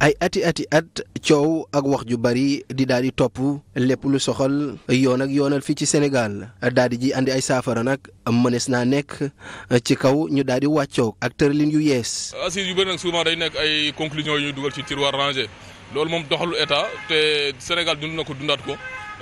ay ati ati at coow ak wax ju bari di daal di topp lépp lu soxal yoon ak yoonal fii ci Sénégal daal di ji andi ay saafara nag mënees naa nekk ci kaw ñu daal di wàccoog ak tëralin yu yees. assises yu bëri nag souvent day nekk ay conclusions yu ñuy dugal ci tiroir rangé loolu moom doxalu état te Sénégal dund na ko dundaat ko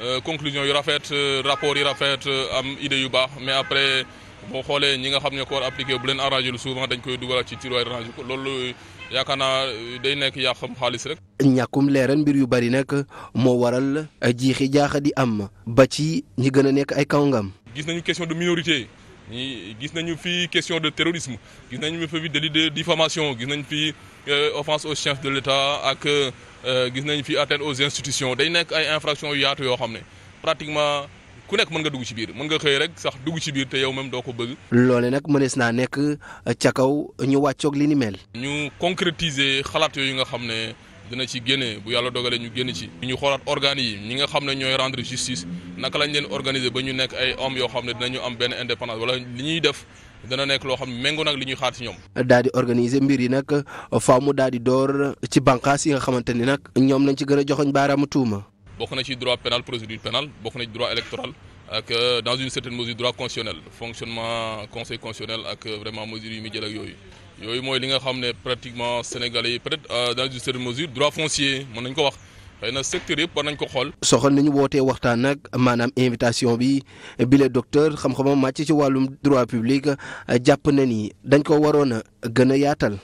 euh, conclusion yu rafet euh, rapport yi rafet euh, am idée yu baax mais après. boo xoolee ñi nga xam ne corps appliqué bu leen arrangé lu souvent dañ koy dugalaat ci tiroir rangé loolu yaakaar naa euh, day nekk yaa xam xaalis rek. ñàkkum leeral mbir yu bari nag moo waral jiixi jaaxa di am ba ci ñi gën a nekk ay kàngam. gis nañu question de minorité gis nañu fi question de terrorisme gis nañu fi délit de diffamation gis nañu fi euh, offense au chef de l'État ak euh, gis nañu fi atteinte aux institutions day nekk ay infractions yu yaatu yoo xam ne pratiquement. ku nekk mën nga dugg ci biir mën nga xëy rek sax dugg ci biir te yow même doo ko bëgg. loole nag mënees naa nekk ca kaw ñu wàccoog li ni mel. ñu concrétiser xalaat yooyu nga xam ne dina ci génne bu yàlla dogalee ñu génn ci. ñu xoolaat organes yi ñi nga xam ne ñooy rendre justice naka lañ leen organisé ba ñu nekk ay hommes yoo xam ne dinañu am benn indépendance wala li ñuy def. dana nekk loo xam ne méngoo nag li ñuy xaar ci ñoom. daal di organiser mbir yi nag faaw mu daal di door ci bànqaas yi nga xamante ni nag ñoom lañ ci gën a joxoñ baaraamu tuuma. bokk na ci droit pénal procédure pénale bokk na ci droit électoral ak euh, dans une certaine mesure droit constitutionnel fonctionnement conseil constitutionnel ak euh, vraiment mesures yi muy jël ak yooyu yooyu mooy li nga xam ne pratiquement sénégalais yi peut-être euh, dans une certaine mesure droit foncier mën nañ ko wax xëy na secteur yëpp war nañ ko xool. soxal nañu wootee waxtaan nag maanaam invitation bi bile docteur xam-xamam màcc ci wàllum droit public jàpp na ni dañ ko waroon a gën a yaatal.